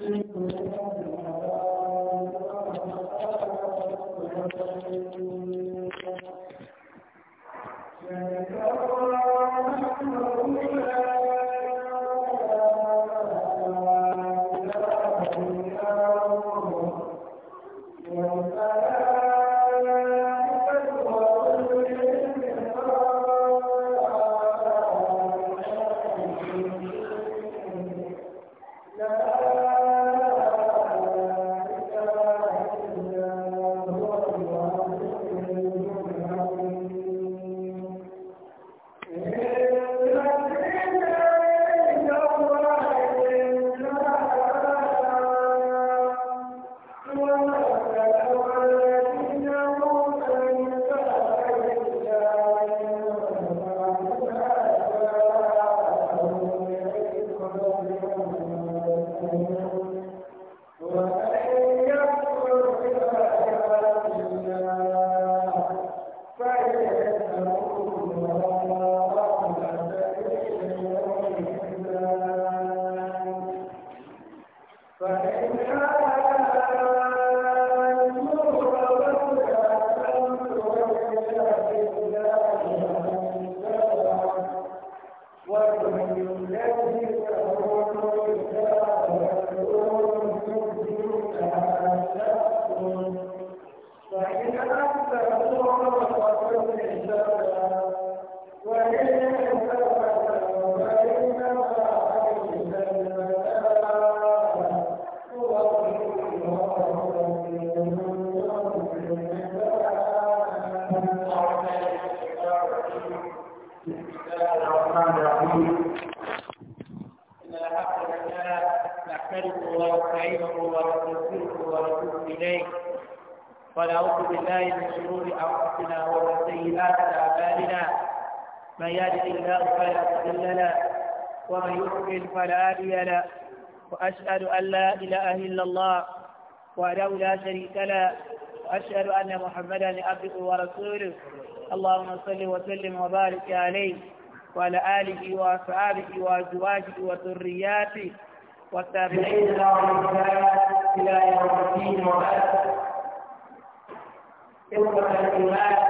Thank you. لنا من يهده الله فلا مضل له ومن يضلل فلا هادي له واشهد ان لا اله الا الله وحده لا شريك له واشهد ان محمدا عبده ورسوله اللهم صل وسلم وبارك عليه وعلى اله واصحابه وازواجه وذرياته والتابعين لهم الى يوم الدين وبعد إخوة الإيمان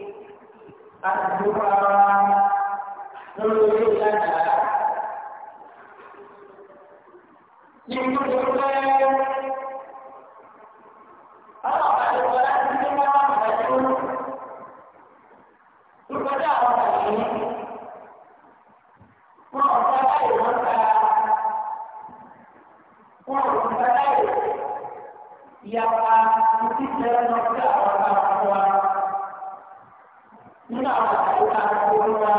àtúntò ara lórí orí ìlànà nítorí pé àwọn àbájọ láti ní wọn máa bá tó tó kọjá àwọn àyè wọn ò lọ sí àwọn nínú àwọn àyíká tó ń wá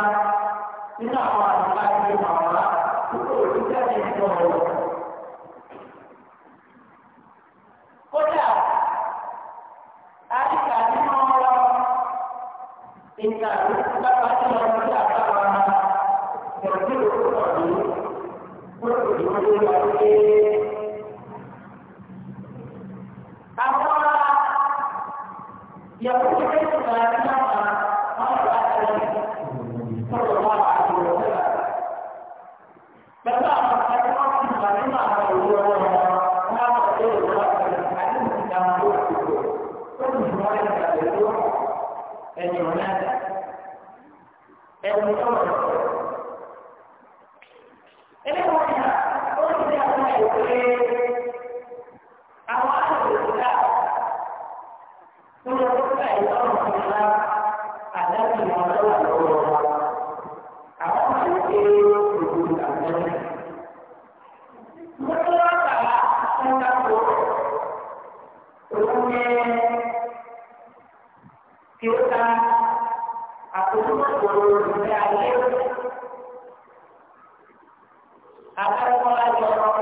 nínú àwọn àyíká tó ń wá kúrò nígbà tí ń bọ̀ ọ́. kódà àyíká nínú ọ̀rọ̀ ìgbà tó kù. Akan mulai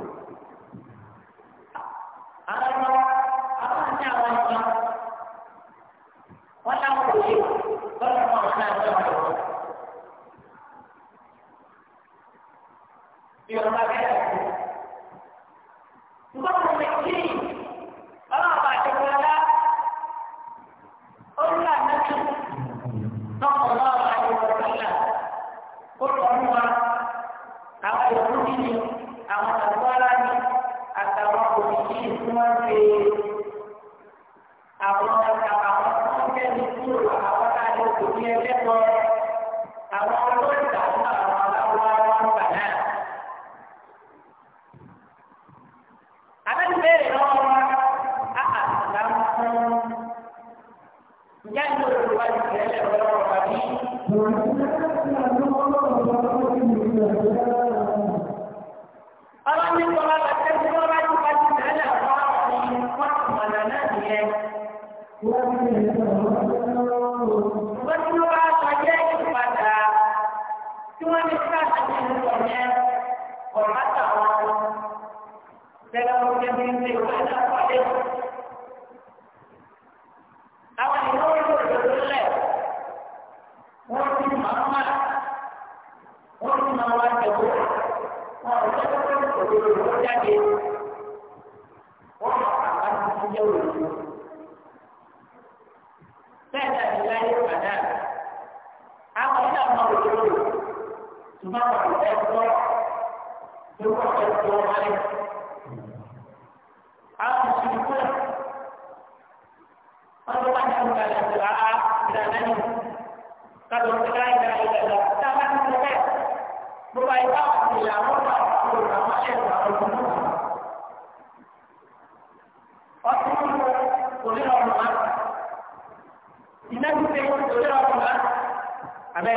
abẹ́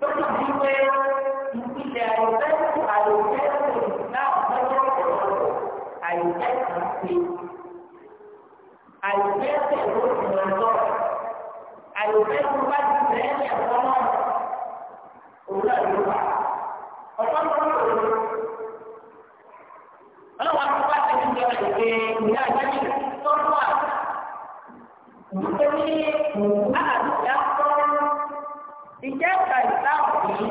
lọ́jọ́ bíi pé ìpìlẹ̀ àyọ̀fẹ́sì àyọ̀fẹ́sì náà lọ́jọ́ ìrọ̀lọ́ àyọ̀fẹ́sì ṣe àyọ̀fẹ́sì ló ti lọ lọ àyọ̀fẹ́sì bá ti bẹ̀rẹ̀ ẹ̀ fọ́nà òun náà ló wà ọ̀pọ̀ lọ́wọ́ lọ́wọ́ ọlọ́wọ́ akọ́kọ́ àtẹ̀jú jọ ìgbé ìyá ìyá ìtọ́jú à nítorí àdúgbò ìjẹ́ta ìsáàkì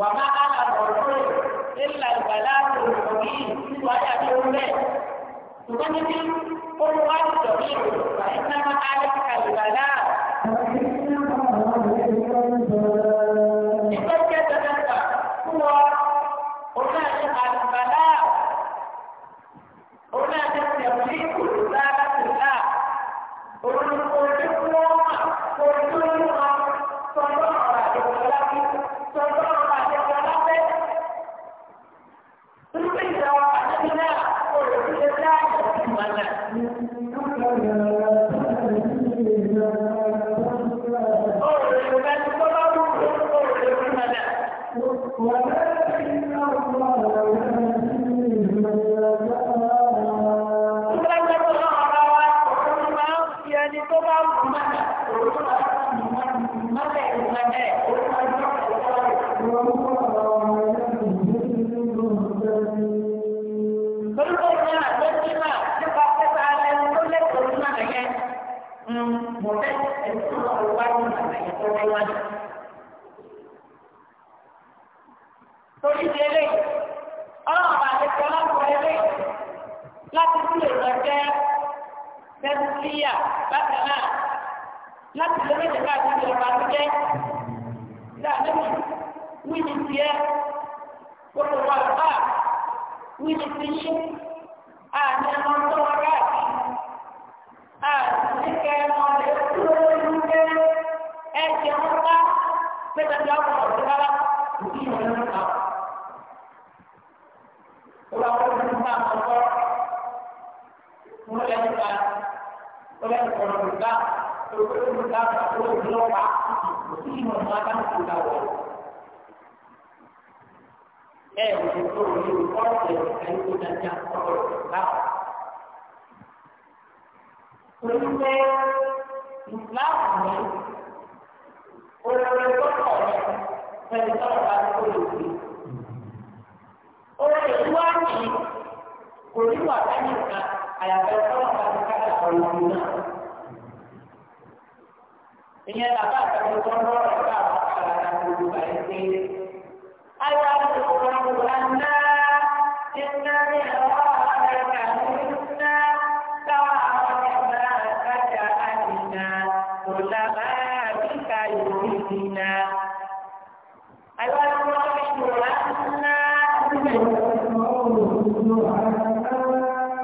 wà má á là bọ̀rọ̀ nílà ìgbàlá òòrùn òbí nínú ayé àti oúnjẹ. Ṣùgbọ́n níbi olùwádìí ìjọba ìròyìn ìgbà ìgbà máa á ka ìgbàlá.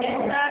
Gracias.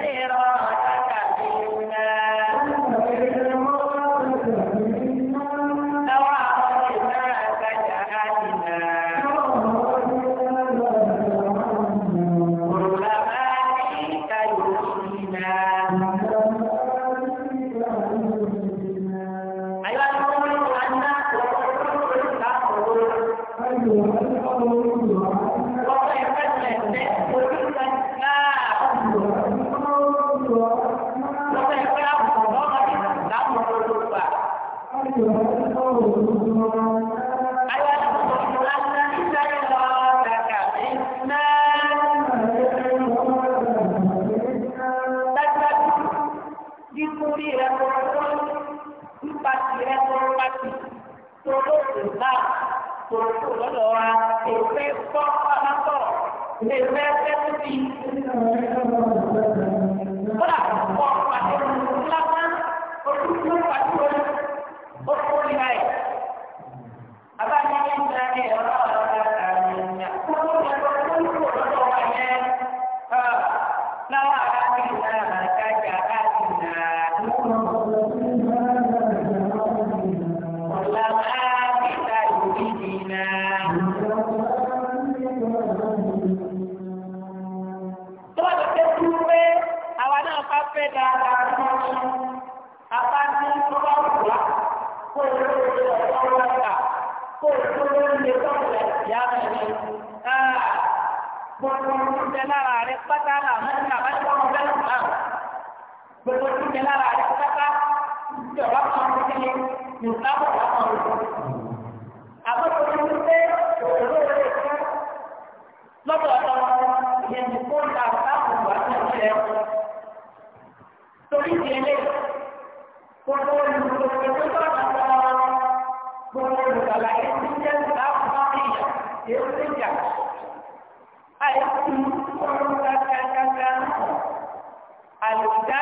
lẹ̀ ọ́. torí ti ẹlẹ́ gbogbo olùdókòwò tó bá wà lọ́wọ́ gbogbo olùdàlà ẹni jẹ́ ìgbà fún ìyà yóò ti jà. àìsí ọ̀rọ̀ kankankanka àlùdá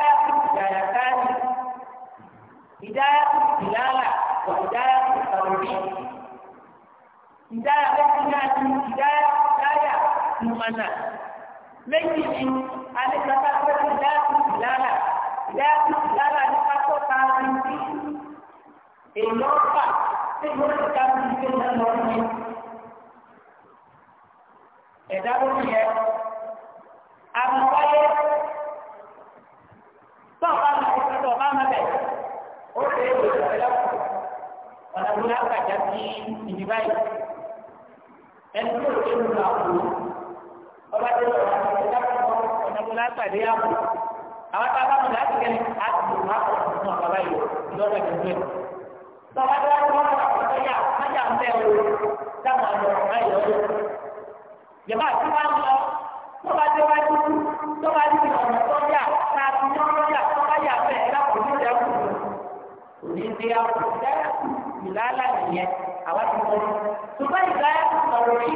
ìdàyàkáni ìdáyà ìlàlà ìdáyà ìtàwọ̀dì ìdáyà bẹ́ẹ̀ ní ìdáyà ìdáyà ìmọ̀nà méjì ni alẹ́gbẹ̀ta pẹ̀lú láti lára láti lára nípa tó ta ní sí èèyàn fà tí yóò ti ká sí ilé náà lọ ní. ẹ̀dá ló ń yẹ àmì wáyé tó bá ma ẹ̀ka tó bá ma bẹ̀ ó àwọn ọba lọ́wọ́ látàdé àpò àwọn tá a bá mọ̀ láti kẹ́ni àti ìwà ọ̀sán bàbá yìí lọ́dọ̀ ìgbẹ́. Bàbá tó wá wọ́n lọ ọ̀sán yà májà ń bẹ̀ o dáhùn àlọ́ ayọ̀ ọ̀dọ̀. Yàrá àti wá ń lọ tó bá dé wájú tó bá dé ọ̀nà tó yà káàtì ní ọ̀nà yà tó bá yà bẹ̀ lápò ní ìyá kù. Òní ti àpò kù ìlàlà nìyẹn àwa ti mọ̀. Ṣùgbọ́n ìdáyà kù sọ̀rọ̀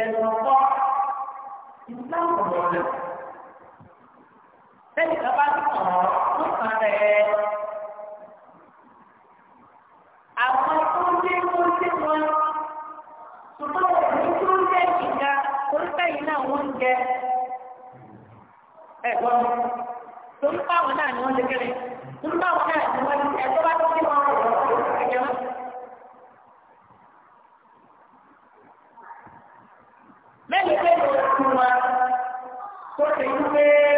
tẹnumọ́ islam ọ̀rọ̀ lẹ̀ sẹ́yìn kaba ti sọ̀rọ̀ tó kàn rẹ̀ àwọn tó ń dé tó dé wọn ṣùgbọ́n òní tó ń dé ìjà oríta yìí náà wọ́n ń jẹ ẹ̀gbọ́n tó ń bá wọn náà ni wọ́n ti kéré tó ń bá wọn náà ni wọ́n ti ẹ̀gbọ́n. pé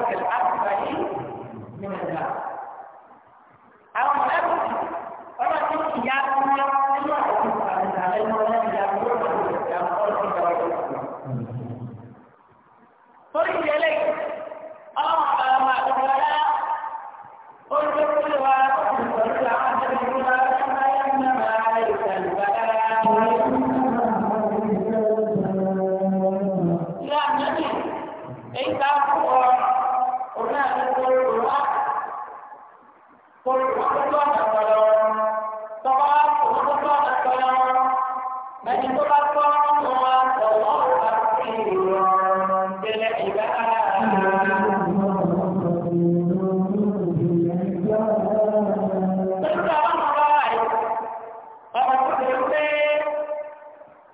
الشرك الأكبر من الناس pé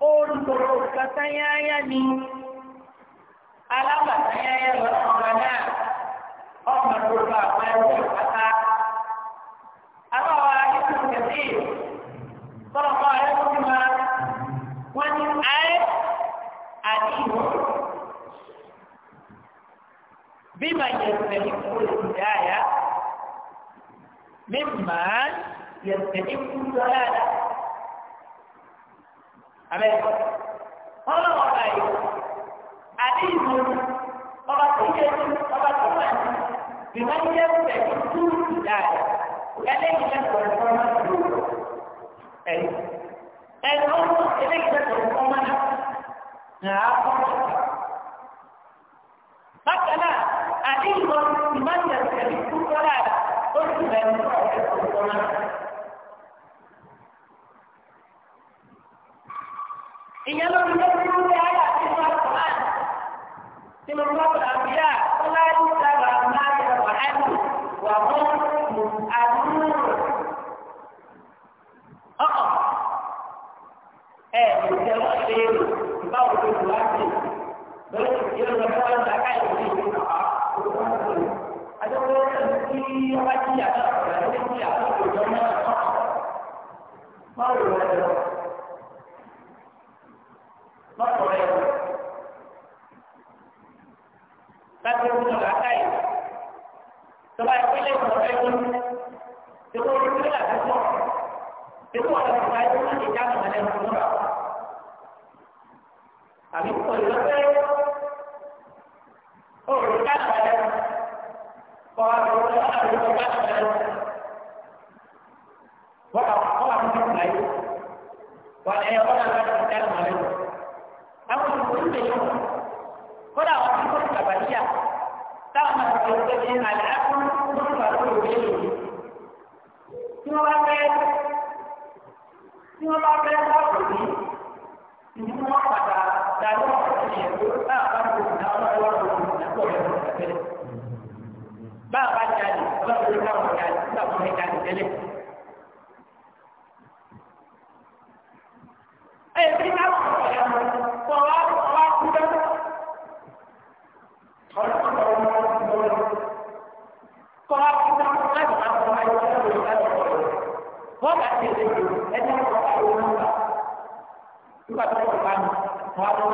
ó ń tọrọ kàtà yáyá ni alábàtà yáyá lọ́nà ọ̀gá náà ọmọ tó lọ àwọn ẹgbẹ́ ìpàtà. Àbáwá ayélujára kẹ̀sí sọ̀rọ̀ fún ayélujára wọ́n ní ayé àdìgbò. بما يستحق الهداية ممن يستحق الضلالة abẹ́rẹ́ ọlọ́wọ́ báyìí àdéhùn ọba tó yẹ kí ọba tó wà ní bímọ yẹ fẹ́ tó ìdá rẹ̀ ẹlẹ́yìn lẹ́kọ̀ọ́ ẹ̀kọ́ máa ń lò ẹ̀yìn ẹ̀yìn ọ̀hún ẹlẹ́yìn lẹ́kọ̀ọ́ ẹ̀kọ́ máa ń lò ẹ̀kọ́ bákan náà àdéhùn ìmọ̀ ìyẹ̀fẹ̀ tó kọ́ lára ó sì bẹ̀rẹ̀ ẹ̀kọ́ ẹ̀kọ́ máa ń lò. ìyẹn ló ń lé nínú ilé ayé àti ìlú àkùnrin tí mo gbọ́ pẹ̀lú àbíyá ó láyé ní sábà máa ń lọ wà áyù wà fún mu àdúró. ọ̀ọ̀ ẹ kò jẹ́ wọ́n ṣe é báwo ló wá sí lórí ìdílé lọ fún ọ̀rọ̀ àká ìwé ìwé kàwá olùkọ́ mọ́tò adéwọ́ tí wọ́n bá jí àtàkùn àti ìdílé àtàkùn ìjọba náà báwo ló lọ. bắt chúng chúng chúng ta một not forever. Láti ọdún ọ̀la káyì, tọ́lá ìpínlẹ̀ ìwọ̀n ẹ̀kún, tẹ́kọ̀ orí kílà tó pọ̀, tẹ́kọ̀ ọ̀la ìgbà chúng láti jáde mọ́lẹ̀ ẹ̀kún lọ́wọ́. Àbí kò lọ pé òòrùn káàdì balẹ̀ kọ́ àbúrò lọ́wọ́ àbúrò káàdì balẹ̀ wọ́n àwọn àwọn àwọn ọmọ ìgbà yìí wọ́n ẹ̀yọ́ ọ̀la láti jáde mọ́lẹ̀ ẹ̀kún. àwọn ìwòye lè yọ kódà wọn ti kóso kàbàdíyà táwọn máa ti ọgbẹ́ ní àlẹ́ akọ́nù kóso bàbá òwe lòdì tí wọ́n bá fẹ́ tí wọ́n bá Quatro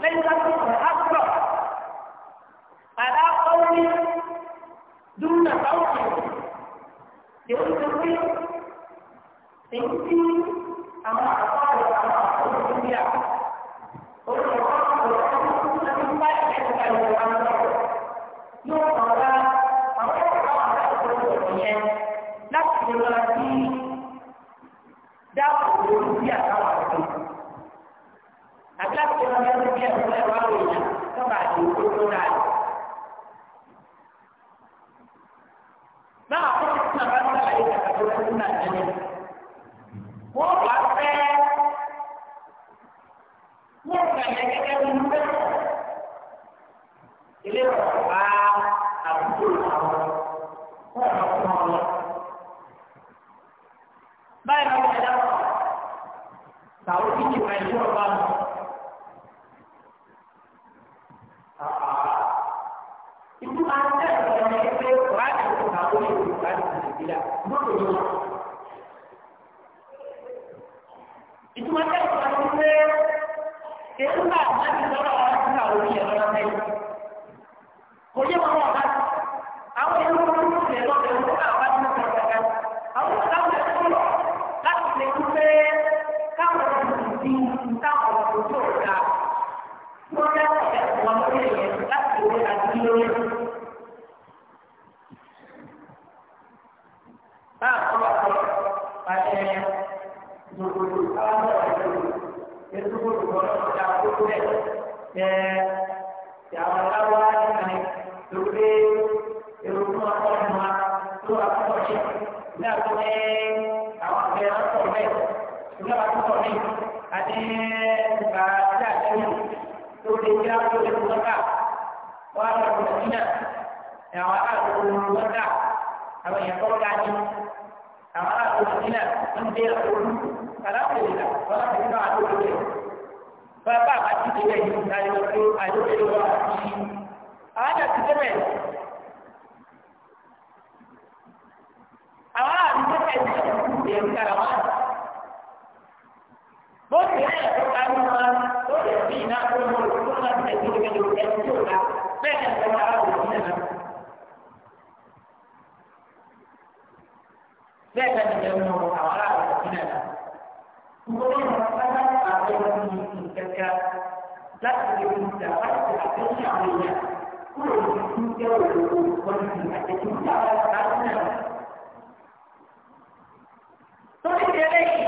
ليس أكبر على قول دون قول يقول إن àwọn èèyàn kọ́ ká ní àwọn aláàbò nínà ń dé àkókò aláàbò nínà ọlọ́pàá nínà àkókò rẹ̀ bàbá àbá ti di bẹ́ẹ̀ yìí láyé lóko àyókèlè wọn àti yìí àwọn àjà ti dé bẹ́ẹ̀. àwọn aláàbò tó fẹ́ẹ́ di ẹ̀rù kára wọn. bó ti rẹ̀ ẹ̀kọ́ ká ló máa tó lè fi iná tó lò ó tó máa tẹ̀síwájú ẹ̀rù tó ká bẹ́ẹ̀ ni ẹ̀kọ́ ká ló ti bẹ́ẹ̀ ká ti jẹun nù àwọn aláàbò àti náà. Gbogbo ọ̀nà pátá àti ọ̀nà ìlú kẹ̀kẹ́ láti lè fi ìjà láti àtẹ̀yìn àwọn èèyàn kúrò ní ìdíjẹ́ òkú wọlé ní àtẹ̀yìn ìjà láti náà. Lórí ìdílé yìí,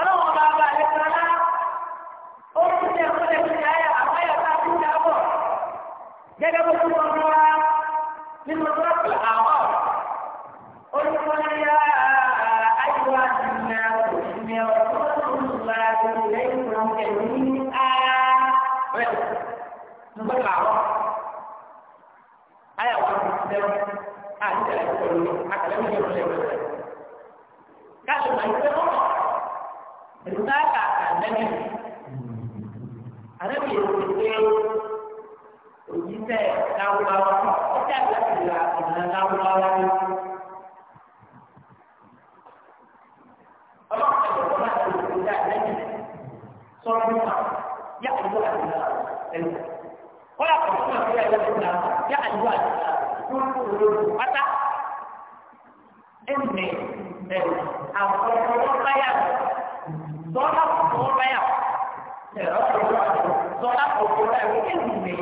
ọlọ́run bá bá ẹ̀ sọ́lá, ó ti ṣe ìpínlẹ̀ ìjà ayà àwọn ayà Gẹ́gẹ́ bó ti wọ́n mú wa nínú rọ́ọ̀tì àwọn olùkọ́. àtẹ̀wọ́ àtẹ̀lẹ́ pẹ̀lú àtẹ̀lẹ́ mi yóò lẹ́wọ̀ rẹ̀. káṣù máa ń tẹ́ wọ́n nígbà kà àtẹ̀lẹ́ àtẹ̀lẹ́ yóò ti gbé òjíṣẹ́ láwùláwà ọjà ìlàkùnrin ìlànà láwùláwà ni. ọlọ́run ẹ̀jọ̀ bá ti lè gbé àtẹ̀lẹ́ sọ̀rọ̀ nípa yá àdúrà ìlànà ẹ̀lú. wọ́n yà kọ̀ fún àgbéyàwó ìlànà yá àdúrà ìlànà pátá ẹnì ẹ àkọ́kọ́ báyà sọ́lá kọ́kọ́ báyà ẹ̀rọ kọ́kọ́ sọ́lá kọ́kọ́ báyà ẹnì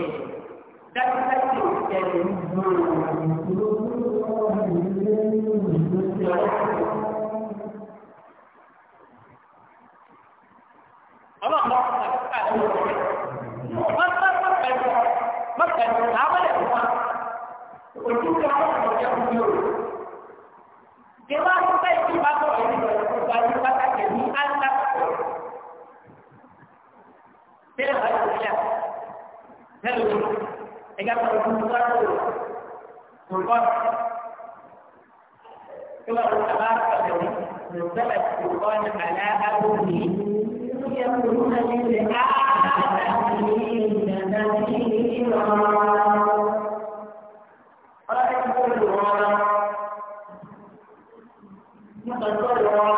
dájúdájú ẹ̀rọ ìgbòho. ọlọ́run lọ́kùnrin àti ọ̀rẹ́ wọ́n bá bá bẹ̀rẹ̀ bá bẹ̀rẹ̀ òtún kan wọn kàn jẹ fún yòó ìwà pípẹ́ tí bá bọ̀ ẹ̀mí rẹ̀ kó gba ní pàtàkì ní alákòó bẹ́ẹ̀ bá yóò ṣá bẹ́ẹ̀ ló ẹ̀ka kan ló ń bá lò ó bọ́ ìwà ló تكرر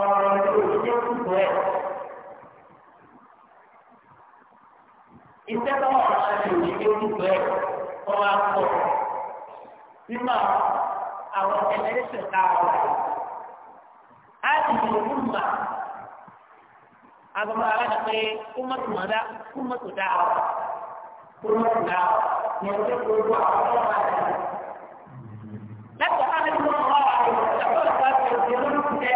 ọ̀rọ̀ ní òṣìṣẹ́ kúkú ẹ̀. Iṣẹ́ tó wà lára ní òṣìṣẹ́ kúkú ẹ̀ kọ́ wa pọ̀. Nínú àwọn ẹlẹ́sìn tá a A ti lè mú mà. Agbọ̀n ara ni pé kó má tó mọ̀dá kó má tó dáa. Kó má tó dáa. Ní ọjọ́ tó wà ọ̀rọ̀ wa rẹ̀. Lẹ́kọ̀ọ́ ká lè mú ọ̀rọ̀ àwọn ọ̀rọ̀ ìgbàlódé ọ̀rọ̀ ìgbàlódé ọ̀rọ̀ ìgbàlódé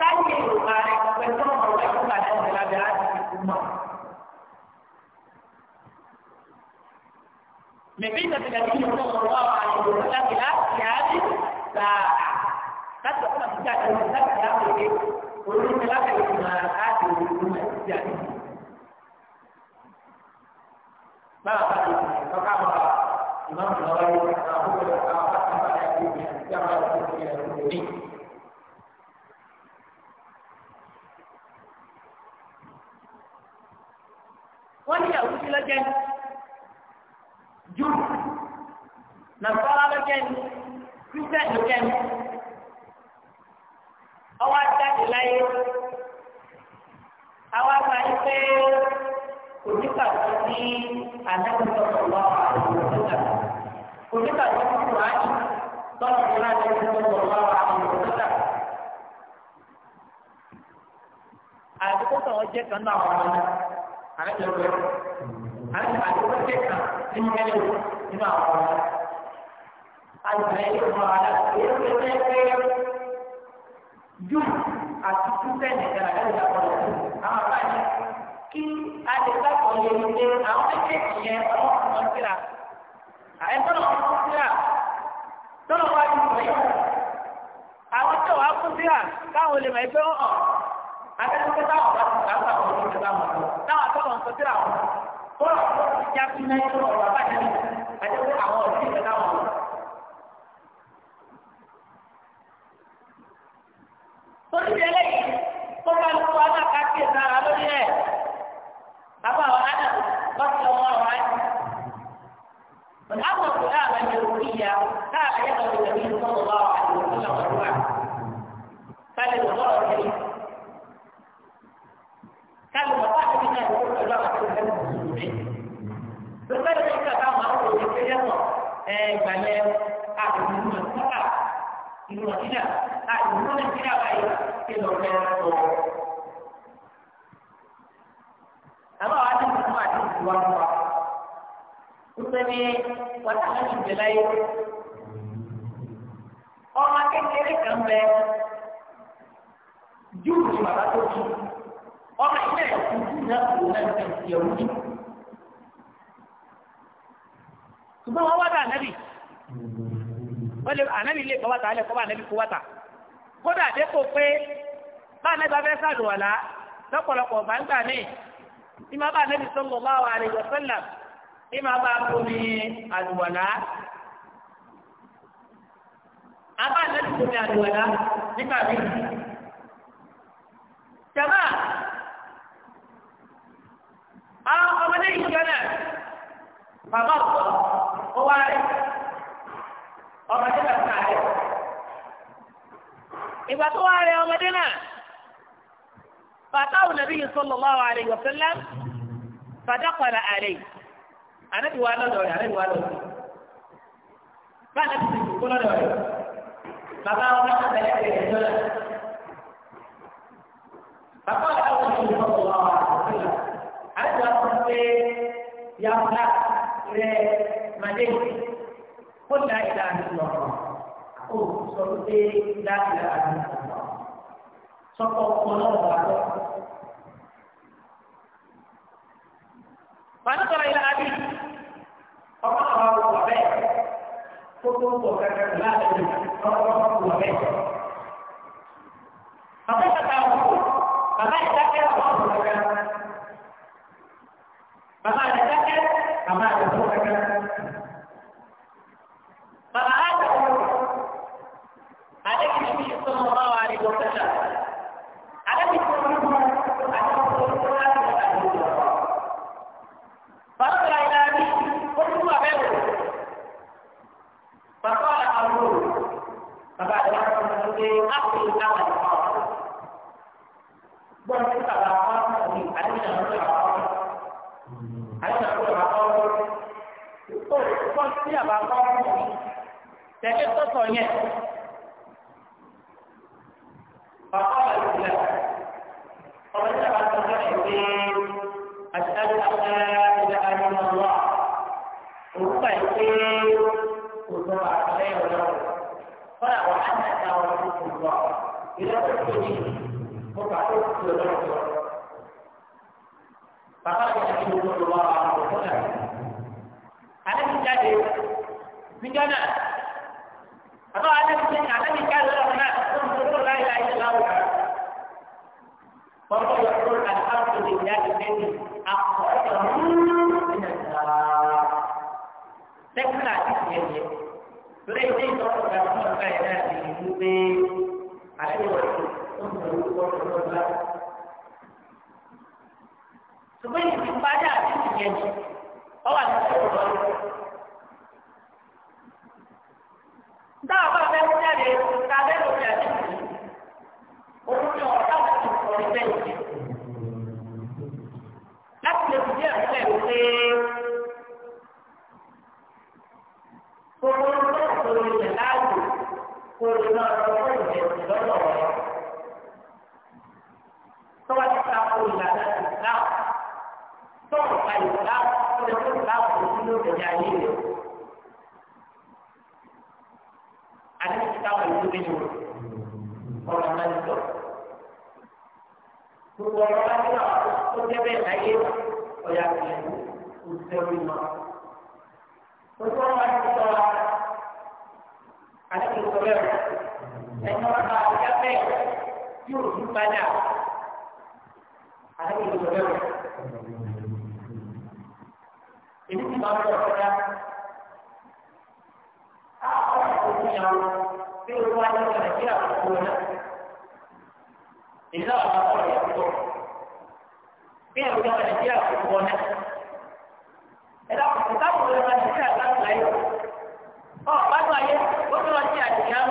táyé yorùbá rẹ pẹ̀lú ọmọ rẹ kó bàjẹ́ ọ̀rẹ́ lábẹ́ láti fi kú mọ́. Mẹ̀bí ìtàkìlẹ̀ tí mo sọ̀rọ̀ wá wà ní ìlú láti láti àárí gbàá. Láti ọ̀pọ̀ àti ìjà ìlú láti láti lè olórí láti lè mọ láti lè mọ ìjà ìlú. Báwa bá ti sọ̀rọ̀ kọ́kọ́ àbọ̀ ìmọ̀ ìlọ́wọ́ yìí àwọn akókò àwọn akókò àti àwọn akókò àti àwọn akókò wọ́n ní yàwó sí lọ́jẹ́ ní jù nàfọ́lá lọ́jẹ́ ní kírísítẹ́ lọ́jẹ́ ní ọwọ́ àjáde láyé àwọn àgbáyé pé kò ní pàtó ní àdáńtọ́ ọ̀wọ́ àwọn òṣèlú kò ní pàtó ní kùránì tọ́lọ̀ ní láti ní ọ̀wọ́ àwọn òṣèlú. àti kókò wọn jẹ́ kan náà wọn náà ada jalur ada ada berkata ini kali ini apa ada yang ada yang berkata jum àti túbẹ̀ nìkan àgbẹ̀dà ọ̀rọ̀ àwọn báyìí kí adìsákọ̀ yẹ wípé àwọn méjèèjì yẹn ọmọ ọmọ síra àyẹ̀tọ́nà ọmọ síra tọ́nà wájú pẹ̀lú àwọn tó wàá kú síra káwọn olè mọ̀ ẹgbẹ́ wọn hàn akẹ́kọ̀ọ́ táwọn bá ti sáà sáà wọ́n ti sáà wọ́n táwọn akẹ́kọ̀ọ́ ń sọ́tìrà wọn kó lọ́ọ̀ tó ti já sí náírà ọ̀rọ̀ àbájáde àti àwọn òbí ìgbà táwọn tó fẹ́ sọ. Àbá wa ti sùn fún àti ìwà wa. Wípé ní wàtá àti ìjìlá yìí. Ọmọ kékeré kan bẹ júù ní bàbá tó kí. Ọmọ ilé ẹ̀kú náà kò náà ti ti ẹ̀wù ní. Ṣùgbọ́n wọ́n wá dà nẹ́bì. Wọ́n lè ànábì lè kọ́ bàtà, àlẹ́ kọ́ bà nẹ́bì kó bàtà. pé bá nẹ́bí abẹ́ sàlùwàlá lọ́pọ̀lọpọ̀ bá ń gbà mí bí máa bá nẹ́bí sallallahu alaihi wasallam bí máa bá bomi àlùwàlá. abá nẹ́bí bomi àlùwàlá nígbà mí. jama àwọn ọmọdé yìí jọ náà bàbá ọ̀pọ̀ ó wá rẹ̀ ọmọdé náà sáré. ìgbà tó wá rẹ̀ ọmọdé náà. فأتاه النبي صلى الله عليه وسلم فدخل عليه أنا بوانا دوري أنا بوانا دوري فأنا بوانا دوري فقال ما أنت يا رجل فقال أول شيء صلى الله عليه وسلم أنت يا فلان مدينة قل لا إله إلا الله أقول صلى لا إله إلا الله sọ́kọ̀ ọlọ́run bá lọ. Fanukọ̀rọ̀ ilé Adé, ọkọ̀ àwọn ọkọ̀ bẹ́ẹ̀, kó tó ń bọ̀ kẹ́kẹ́ láti ọkọ̀ ọkọ̀ Bàbá ìtàkà ọkọ̀, bàbá ìtàkà ọkọ̀ kẹ́kẹ́, bàbá ìtàkà bàbá ìtàkà kẹ́kẹ́. awal awal. Buat kita awal ni, ada yang nak awal, ada yang nak awal. Oh, buat siapa awal ni? Jadi tu soalnya. فقال الإسلام فبدأ التوحيد أشهد أن لا إله إلا الله وقيل وضع عليه له قال وأنك رسول الله ìyá tó ti ní mo kà tó ti lọ lọ́wọ́ tó. Bàbá mi àti gbogbo ló wá àwọn ọ̀pọ̀ náà. Àlẹ́ mi jáde níjọ́ náà. Àbá àlẹ́ mi jáde àlẹ́ mi jáde lọ́wọ́ náà tó ń gbogbo láyé láyé láwùjọ. Bọ́lá yọ kó àlùfáàfù lè jáde lẹ́yìn àkọ́kọ́ nínú ìlànà. ṣùgbọ́n ìdí padà àti ìyẹn ni ọ wà ní ọ̀sẹ̀ ọ̀rọ̀ rẹ̀. dáa bá fẹ́ mú jáde lórí àti ìlú òun ni ọ̀rọ̀ láti fi ọ̀rọ̀ bẹ́ẹ̀ láti lè fi díẹ̀ ń láàbò o lọ́dọ̀ ọ̀rọ̀ tọ́wọ́ ti ta ko ìlànà ìsìláà tọ́wọ́ ta ìsìláà tó lè fún ìsìláà kò sí lóde ní ayé rẹ̀. Àti ti ta wọ̀nyí lóde ní ọ̀rọ̀ náà ní sọ. Gbogbo ọ̀rọ̀ bá ti wà tó jẹ́ láyé ọ̀yà ìlú kò ìmọ̀. Gbogbo ọ̀rọ̀ bá ti sọ àti kò sọ ẹni wọn bá ọjà bẹ́ẹ̀ yóò rú padà àti ìlú bẹ́ẹ̀. èmi ti máa ń lọ ọ̀dà á ọ̀rọ̀ ìfowópamọ́ yàrá bí o wá ní ọ̀dà nàìjíríà tó kú ọ̀dà ìlú àwọn akọ̀rọ̀ yàrá tó bí ẹ̀rọ ìjọba nàìjíríà tó kú ọ̀dà ẹ̀dá kòtò táwọn ọ̀dọ́ nàìjíríà láti láyé ọ̀ bá tó ayé ó tó lọ sí àdìyàn.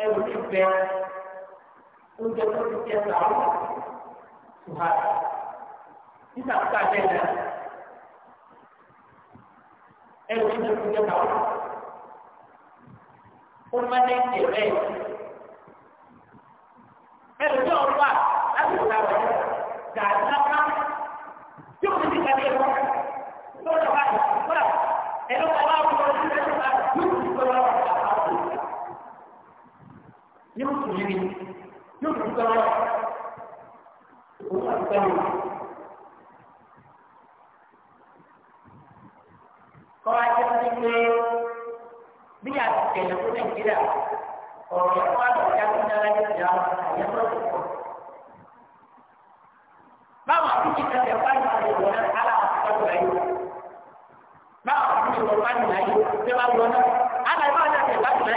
em ẹrù ti bẹ oúnjẹ tó ti jẹ sàrọ sùhàdà nígbà tó ká jẹ náà ẹrù ti jẹ oúnjẹ sàrọ ó má lé ní ẹrẹ ẹrù tí wọn wà láti ìta rẹ gàdá ká tí wọn ti ká lé wọn lọ́dọ̀ báyìí kọ́ra là em không wọ́n ti rẹ̀. mùsùlùmí ni yóò tún sáwà òun àti sáwà. kọ́ra jẹ́ ní pé bí a ti tẹ̀lé fún nàìjíríà ọ̀rọ̀ yẹn wá lọ sí akínyàrá ní ìlà àyẹ̀ lọ́sùn kan. báwọn àbíjì kan lè wá ní àyẹ̀wò náà kálá àtúntò ayé báwọn àbíjì kan wá ní àyẹ̀wò tó bá náà àgbà ìbáwọ̀ náà lè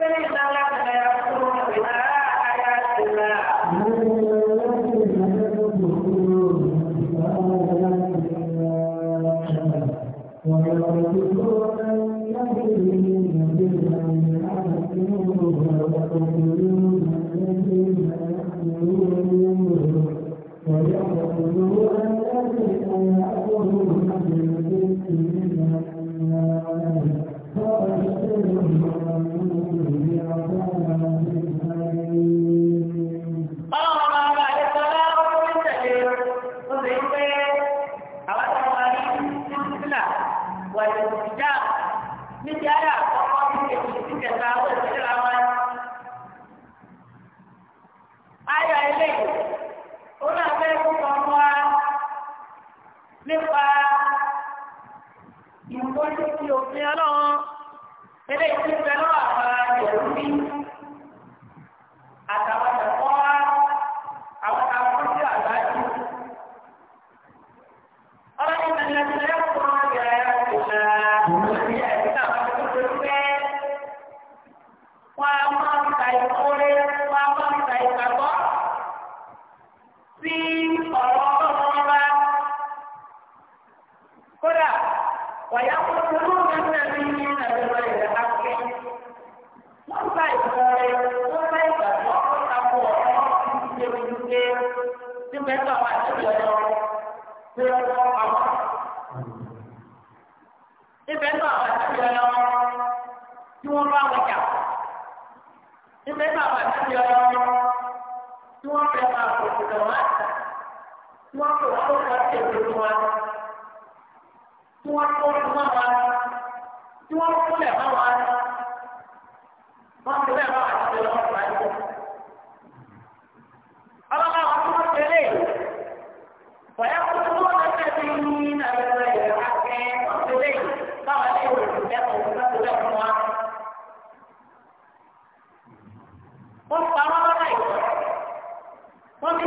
ويقولون أن نبي من أهل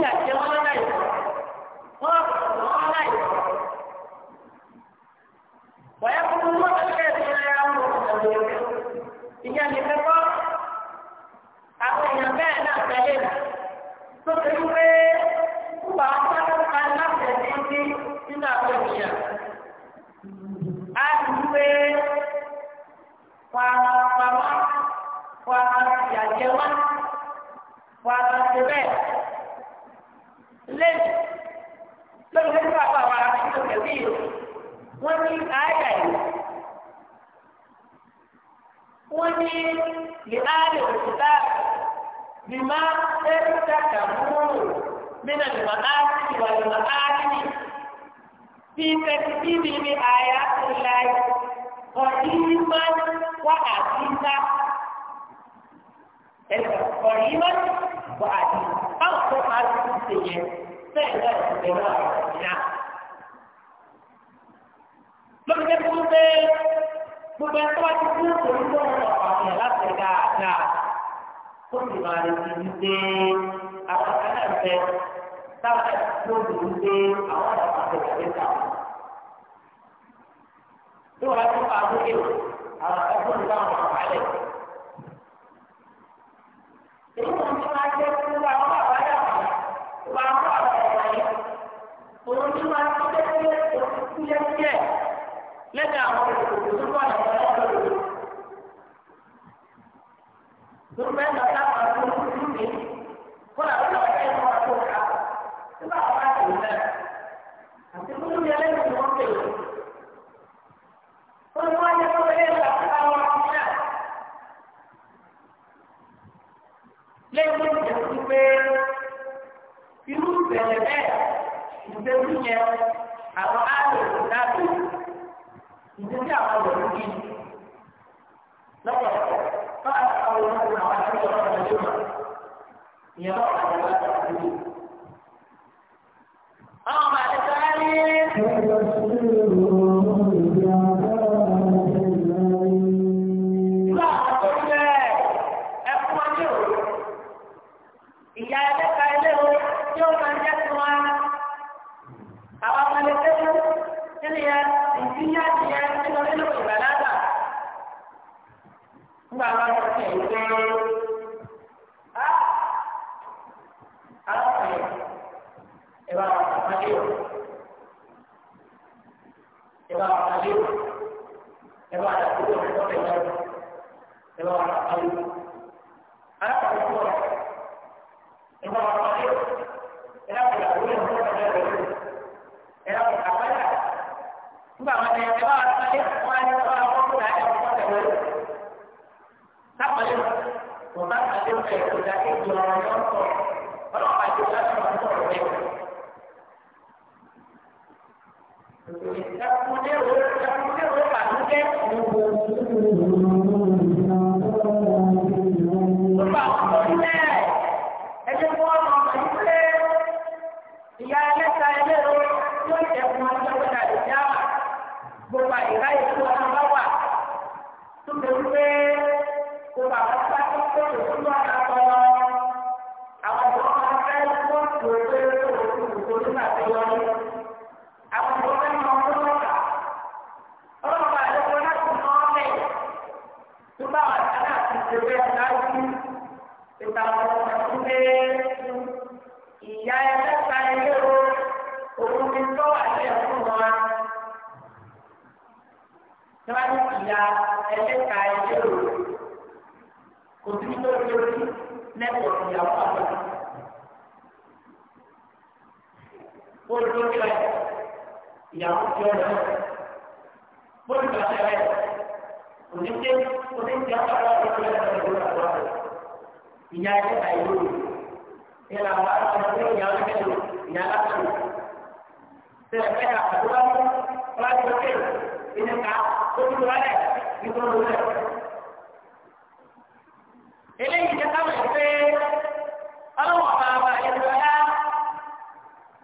哎。لآل الكتاب بما ارتكبوه من المآسي والمآسي في تكذيب بآيات الله قديما وعزيزا قديما وعزيزا أو قرآن سيئة سيئة سيئة سيئة لو كنت gbogbo ẹ̀ ti fún òkú ní bọ́ọ̀lù ọ̀pọ̀ àwọn èèyàn láti ó sì máa lè fi ní àwọn ọ̀gá táwọn ẹ̀ tó lè ní àwọn ọ̀gá àti ọ̀gá lè ta wọn. bí wọ́n bá tún pa àbúrò àwọn ọ̀gá tó lè bá wọn àwọn àlẹ́. èyí wọn ti máa jẹ́ fún wa wọ́n bá yà wọ́n wọ́n bá wọ́n àwọn ọ̀gá yẹn. òun ti máa ń tẹ́lẹ̀ òkú yẹn jẹ́ lẹ́yìn àwọn olùkọ́ àwọn ọ̀dọ́ tó bẹ́ẹ̀ lọ sáwọn àtúntò tó ní kọ́lá tó lọ́wọ́ ẹ̀yìn wọn tó ká tó bá wà láti ìlú náà àti kó lóye ẹlẹ́yìn tó wọ́n pè é. ó ní wọ́n á yẹ kó lóye ẹ̀ka tó bá wọn wọn náà. lẹ́yìn tó ti dẹ̀kú pé irú bẹ̀rẹ̀ bẹ́ẹ̀ ìgbésí yẹn àwọn àlè ìdáàbò ìdílé àwọn ọ̀rọ̀ yìí lọ́pọ̀lọpọ̀ báyà àwọn ọmọ àwọn àti ọmọ ọmọ ìjọba ìyẹn bá wà lọ́wọ́ àti àdúgbò. àwọn ọmọ àti sọ́lá nígbà bá lọ sí ìwé á arákùnrin ẹ bá wọn àpàdé o ẹ bá wọn àpàdé o ẹ bá wọn àpàdé o ẹ bá wọn àpàdé o ẹ bá wọn àpàdé o arákùnrin kúrò ẹ bá wọn. tó ń bẹ̀rẹ̀ kó dá kéjì ọ̀rọ̀ yọ̀ ń sọ̀rọ̀ ọlọ́pàá tó dá sí ọ̀rọ̀ sọ̀rọ̀ rẹ̀. gbogbo àwọn ọ̀dílẹ̀ ẹjẹ́ kí wọ́n wà tó lè wípé. tẹ́wájú ìyá ẹlẹ́ka ẹgbẹ́ rò kò sí ní lórí lórí lẹ́kọ̀ọ́ ìyàwó àgbà. Olùdókè rẹ̀ ìyàwó ti ọ̀rọ̀ rẹ̀. Bóyá ìgbàsẹ̀ rẹ̀ oníṣẹ́ oníṣẹ́ ọ̀rọ̀ ọ̀rọ̀ rẹ̀ lọ́wọ́ àgbà rẹ̀. Ìyá ẹlẹ́ka ìlú rẹ̀. Ìyá àwọn àgbà rẹ̀ ìyá ọ̀rẹ́ rẹ̀ ìyá aláṣẹ rẹ̀. Tẹ̀lé ẹ̀ka àdúrà wọn wá ní ọ̀kẹ́ ìdí ká tóbi tó wálẹ̀ nítorí owó rẹ̀. eléyìí jẹ́ káwọn ẹ̀ ọlọ́wọ́ bàbá ẹ̀rọ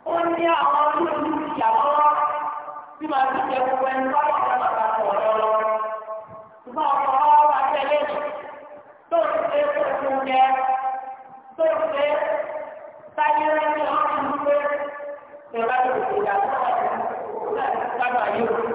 ó ní àwọn olóòlù ìyàwó tí màá fi jẹ gbogbo ẹni lọ́wọ́ ọ̀rọ̀ bàbá pọ̀ lọ́wọ́. ṣùgbọ́n ọkọ̀ ọwọ́ wa tó ń ṣe tó ń fún jẹ tó ń ṣe táyé rẹ̀ ní ọ̀rọ̀ ìlú pé ìrọ̀lá yóò ṣe ìdàgbàsókè láti gbàgbà yóò.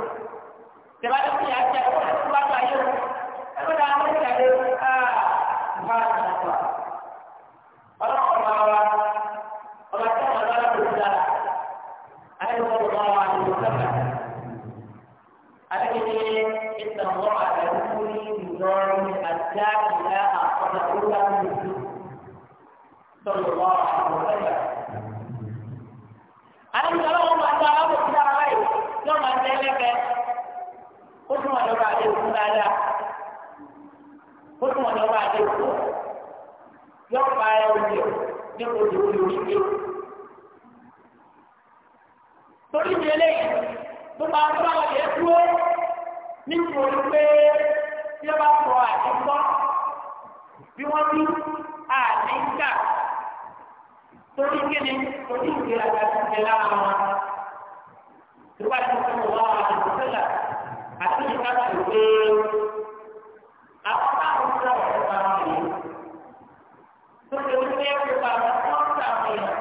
dáadáa kótó wọn ni wọn òkú yọ pa ẹ omi ní ojú omi omi torí mi eléyìí tó máa tó àwọn yẹn dúró nítorí pé tí wọn bá sọ àdínkọ bí wọn bí àdínká torí kíni torí ìgbéraga ti tẹ lára wọn tó bá ti sọ wọn àti ìgbàlá tó pé àwọn táwọn ń sọ̀rọ̀ nípa wọn yìí tó ṣe wí pé ó pa àwọn tó ń ta àwọn èèyàn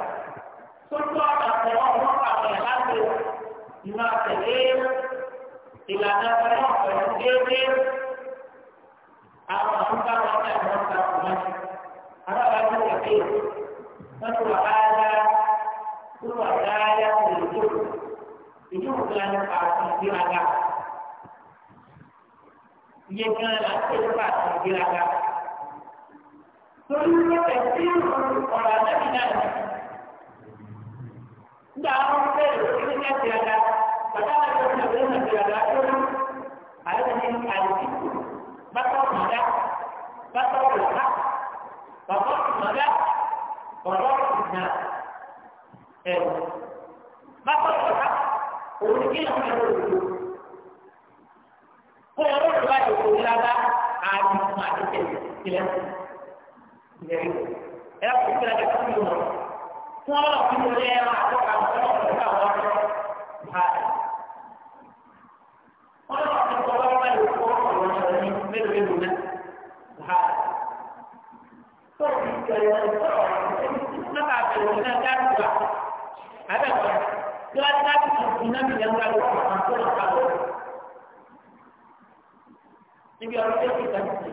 tó tó ọ̀dà pẹ̀lú ọ̀dọ́ pa àwọn èèyàn láti ìmọ̀ àtẹ̀lé ìlànà pẹ̀lú ọ̀pẹ̀lú déédéé àwọn àwọn bá wọn ní àwọn ọ̀sán ọ̀gbọ́n àwọn bá wọn wọ̀ pé wọ́n ti wà áyá wọ́n wà áyá ìjókòó ìjókòó lánàá pàṣẹ ìgbéraga iye gan la ń pè nípa àti ìgbéraga. torí wọ́n fẹ́ sí ọ̀rọ̀ àdábì náà ni. nígbà wọn fẹ́ ìròyìn ní ìgbéraga bàtà wọn fẹ́ ìròyìn ní ìgbéraga tó ní àlejò ní àlejò bàtà ọ̀mọ̀dá bàtà ọ̀lọ́ká bàtà ọ̀mọ̀dá bàtà ọ̀mọ̀dá ẹ̀ bàtà ọ̀lọ́ká òun kí ni wọ́n fẹ́ lọ́wọ́ kó ọ̀rọ̀ rẹ̀ bá yòókù lábá àti fún àtẹ̀tẹ̀ ìlẹ̀ ìlẹ̀ ẹ̀ kò sí ẹ̀ka tó yọ̀ mọ́. fún ọ̀rọ̀ tí mo lé ẹran àtọ́ka mọ́ ọ̀rọ̀ ká wọ́n rẹ̀ ha. wọ́n lọ sí ọ̀rọ̀ bá yòókù ọ̀rọ̀ rẹ̀ ní mélòó mélòó náà ha. tó o ti kẹ̀lẹ́ ọ̀rọ̀ náà bá bẹ̀rẹ̀ náà dáàbò àbẹ̀kọ̀ tí wọ́n ti dáàbò níbi ọdún tó ti gbàgbé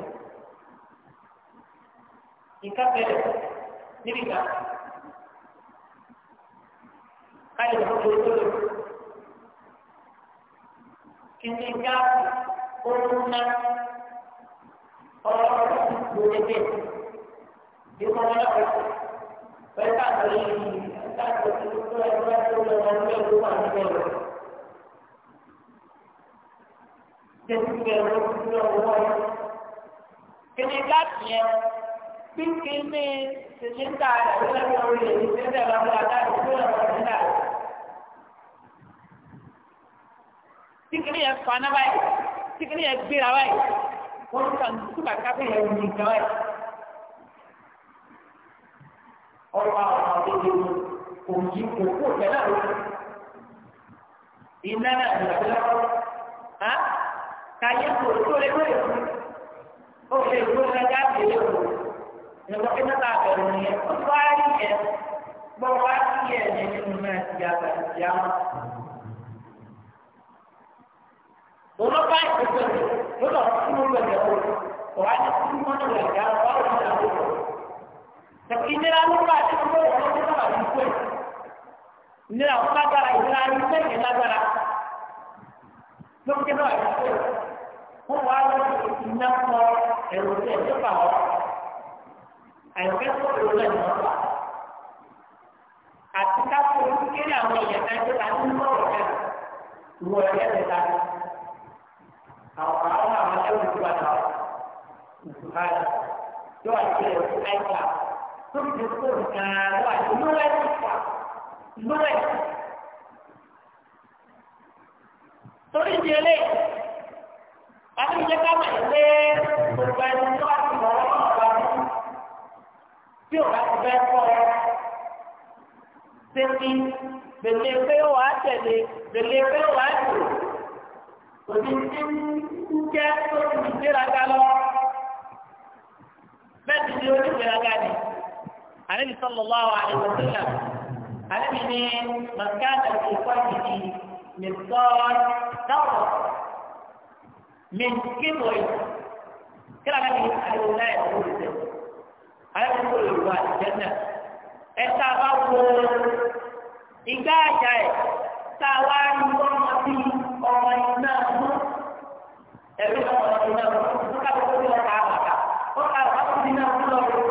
nǹkan bẹ̀rẹ̀ níbi ìgbà káyọ̀ ló ń tó lò kí ni gáàsì ó ń ná ọlọ́run ló ń gbé bí wọ́n ń lọ́wọ́ pẹ̀lú àgbẹ̀yìn àti àgbẹ̀yìn tó ń lọ́wọ́ ẹgbẹ́ tó ń lọ́wọ́ ẹgbẹ́ tó wà níbẹ̀ lọ́wọ́. tẹ̀síkẹ̀ lọ́sílẹ̀ yẹn bí kí ní ṣèṣe ń ta ẹ̀rọ lẹ́yìn orí èyí tẹ́lẹ̀ lọ́wọ́ adáàbò tó lọ́wọ́ Tí kíni yẹn faná báyìí, tí kíni yẹn gbéra báyìí, wọ́n ń kàn tó bàtà fún yẹn ní ìjọ ẹ̀. Ọ̀pọ̀ àwọn ọ̀dọ́ kò yí kò kó náà lọ. Iná náà ń lọ lọ́wọ́ kàyé kò tó lé wé o lè wó lọ́jà tó lé o ìwọ kí mẹ́ta bẹ̀rù nìyẹn ó tó á rí yẹn gbọ́ wá sí yẹn ní nínú náà ti yá bàtì ti yá wọn. olùkọ́ ìpèsè ló lọ sí mú lọ́jà o kò wá ní sí mú lọ́jà o wá lọ́jà o. ìnira ló bá àti ìwé ìwé tó bá wà ní ìwé ìnira ò lágbára ìnira ní ìwé ìwé lágbára ló ń ké bá wà ní wọ́n wá lọ́wọ́ iná kọ ẹ̀rọ tẹ̀ tó fà wọ́n àìfẹ́ tó lò lẹ́nu ọ̀pá àti káfí ojú kéré àwọn èèyàn kan tó ní bọ́ọ̀lù náà ìwọ ẹ̀rẹ́ ti ta àwọn àwọn àwọn ẹ̀rọ tó wà náà ìfúkàlẹ̀ yóò wá sí ẹ̀rọ àìsà tó ti kó nǹkan lọ́wọ́ àti lọ́wọ́ ẹ̀ lọ́wọ́ ẹ̀ torí ti àti ìjẹ́ ká mọ̀ pé gbogbo ẹni tó bá ti mọ̀ ọ́ ọ̀rọ̀ ọ̀rọ̀ tí ò bá ti fẹ́ kọ́ ọ sẹ́ni gbèlè pé ó wàá tẹ̀lé gbèlè pé ó wàá tò òní tí ń jẹ́ tó ti gbéraga lọ bẹ́ẹ̀ ti di onígbéraga ni àlejò sọlọ́lá àlejò sílẹ̀ àlejò ni màkà àti ìkọ́ ìdí nìkan náà. من كبر كلا نبي أهل لا يقول ذلك أنا أقول الوالد الجنة أتابعوا إجاجة tawari ọmọ bí ọmọ iná mú ẹbí ọmọ iná mú kókà tó kókò ọkà àbàkà kókà àbàkà tó iná mú lọ́wọ́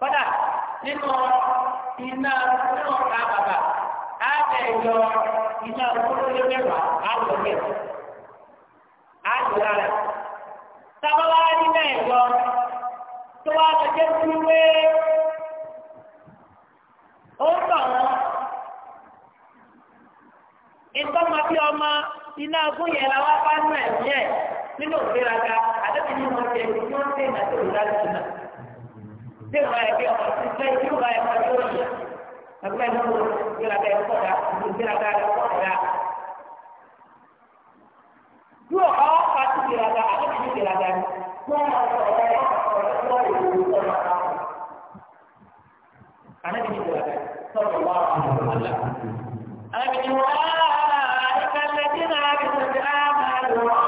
kódà nínú iná nínú ọkà àbàkà á bẹ̀ yọ iná mú lórí mẹ́wàá á lọ bẹ́ẹ̀ àti ara. Tábọ́lá ní mẹ́jọ tó wá tẹ̀jẹ́ sí wé ó ń tọ̀ wọ́n. Ìtọ́mọ bí ọmọ iná ogún yẹn la wá bá nù ẹ̀mí ẹ̀ nínú òfìraga àdébí ní wọn jẹ ìlú tí wọn dé ìgbà tó ìlú àti ìlú. Dé ìwà ẹ̀gbẹ́ ọmọ sí fẹ́ ìlú ìwà ẹ̀kọ́ tó ń yẹ. Àgbẹ̀ ní wọn ìgbéraga ẹ̀kọ́ dá ìgbéraga ẹ̀kọ́ dá. Dúró ọ́ tìrata àti ti tìrata ni. Ànábi ti tìrata sọ̀rọ̀ wá àwọn ọ̀la. Ànábi ti wá àìkàlẹ̀ tí náà ti sọ̀rọ̀ àmàlù wá.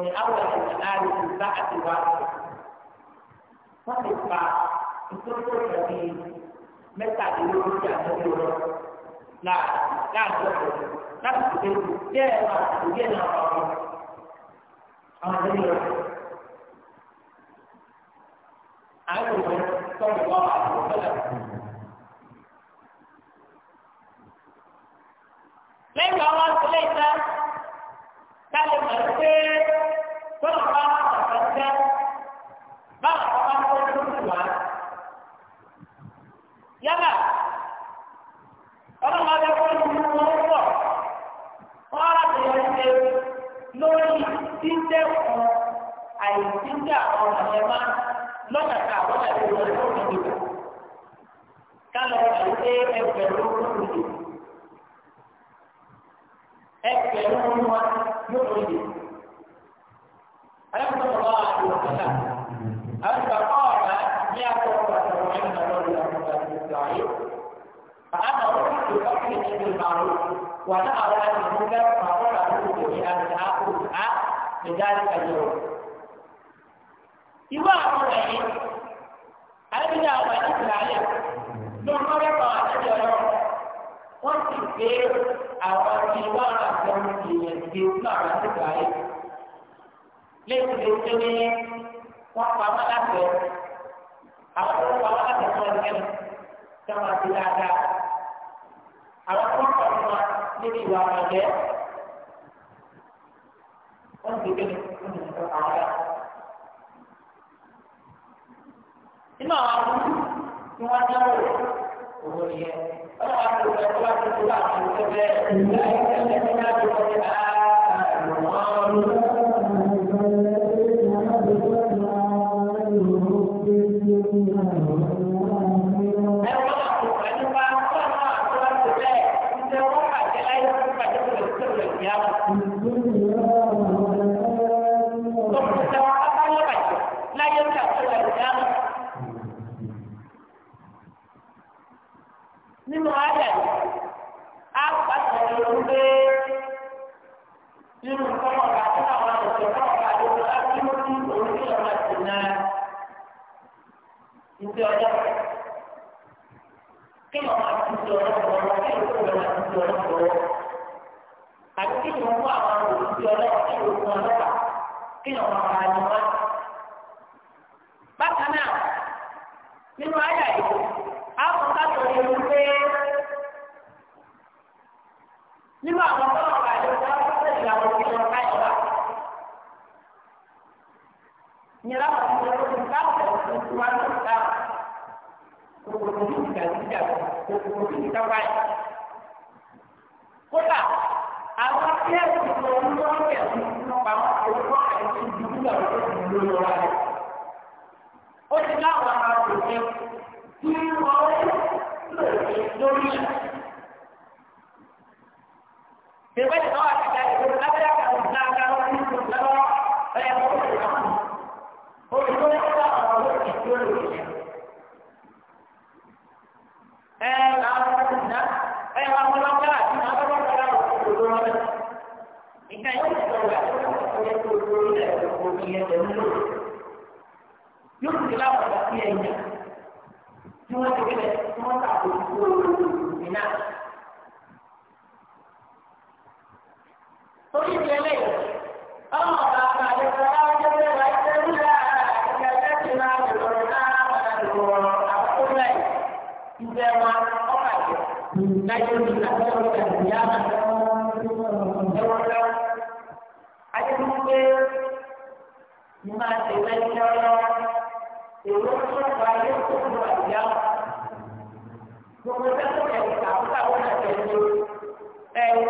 من أول الآن في ساعة واحدة فقط ìtòkò tàbí mẹ́tàdínlógójì àtọ́jú rẹ̀ láàárín ọ̀pọ̀ láti na díẹ̀ náà ìdíyẹ̀ náà ọ̀pọ̀ àwọn ọ̀dọ́ lẹ́yìn lẹ́yìn náà. kálí mọ̀ pé tó ń bá ọ̀gá jẹ́ báwọn ọba tó ń lù wá. Yálà ọlọ́mọdé wọn ń mú wọn pọ̀ wọ́n á lè yọ ṣe lórí dídẹ́kun àìsíjà ọ̀nà yẹn máa lọ́nà ká àwọn àti ìwọ̀n tó ń lò. Kálọ̀ ọ̀gá jẹ́ ẹgbẹ̀rún lórí. ẹgbẹ̀rún wọn yóò tó yẹ. Àyẹ̀kọ́ tó bá àti òkúta. Àyẹ̀kọ́ ọ̀rá ní akọ̀kọ̀ àtàwọn ẹ̀yìn náà lọ́dún àkọ́kọ́ أن بالمعروف ونأرى أن المنكر أن أقول اليوم. إذا أقول أن أتكلم عليه. wọ́n sì gbé àwọn ìwà àgbọn ìyẹn ti lára síta yìí. léèkì lè tó ní wọ́n pa wọ́n láti ẹ̀ àwọn tó pa wọ́n láti fún ẹgbẹ́ mi tó máa ti dáadáa. àwọn tó pọ̀ fún wa níbi ìwà ọ̀jẹ́ wọ́n ti gbé ní ìwà ọ̀jẹ́. inú àwọn tí wọ́n dáwọ́ Thank you. tó tó òun kan lọ́wọ́ kí ni ọ̀pọ̀ ara ni wá. bákan náà nínú àyà yìí a kò sábà lè rí pé nínú àwọn tó wà wà lóṣù tó wà lóṣù àwọn òbí wọn ká ìwà. nyɛla ba ti yɛrɛ ti ba ta ti wa ti ta ko ko ti ka ti ka ko ko ti ka wa. àwọn tó àwọn tó ti dúdú àwọn tó ti dúdú lọ́wọ́ rẹ̀. ó ti ká àwọn ará kò fẹ́ tí wọ́n lè lórí rẹ̀. bẹ̀rẹ̀ náà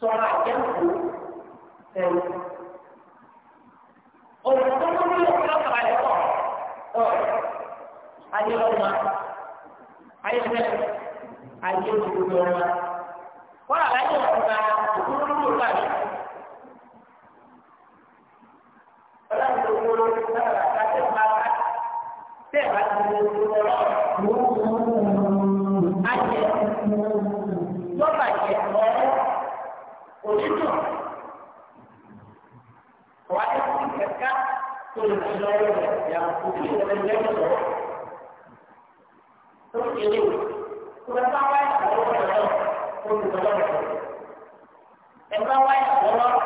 sọ̀rọ̀ àjẹ́kù ẹ̀rù. Olùkọ́ tó ń lò fún ọ̀kàrà rẹ̀ pọ̀ ọ̀ ayé ọmọ ayé mẹ́rin ayé gbogbo ọmọ. Wọ́n àlàyé ọ̀gá òkúrú ló wà ní. Ọlọ́run tó ń lò fún ọ̀kàrà rẹ̀ pọ̀ tẹ́ẹ̀ bá ti lò fún ọlọ́run. الشارع يعطيه من جنبه ثم يجيب ثم تعالى هو الشارع ثم تبارك إذا وين الله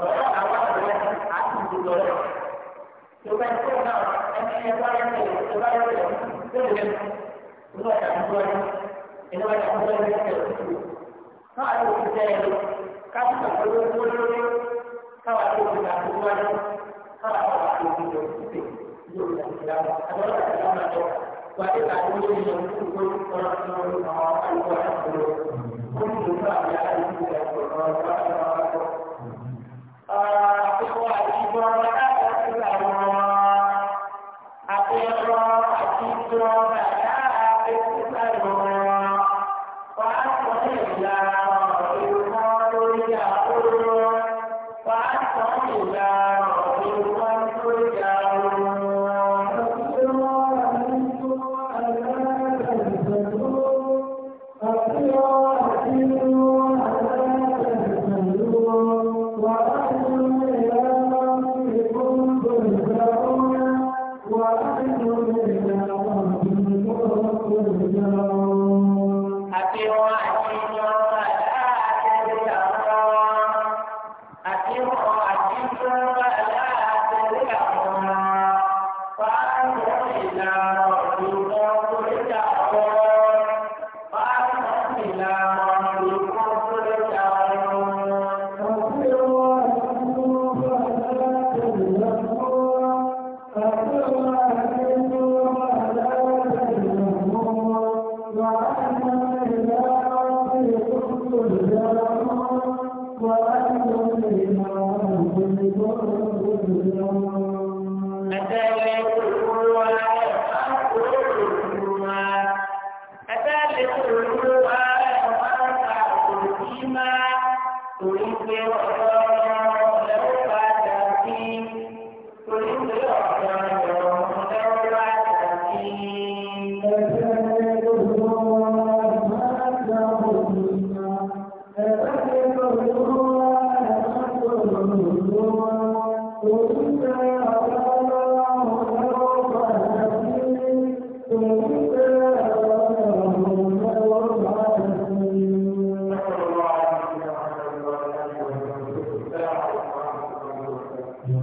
ولا أعلم بأن عبد الله ثم يكون أن يبارك يبارك ذلك ثم يعبد إذا ما يعبد الله قالوا كتاب كتب كل كل كتب كتب kọ́lá kọ́lá àti òkúta òkúta yóò lọ sí ìlànà àbọ̀lọ́dà ìlànà lọ wà nípa àwọn olóyè ọ̀hún